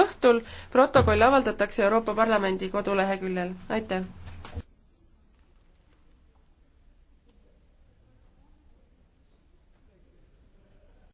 õhtul. protokoll avaldatakse Euroopa Parlamendi koduleheküljel. aitäh!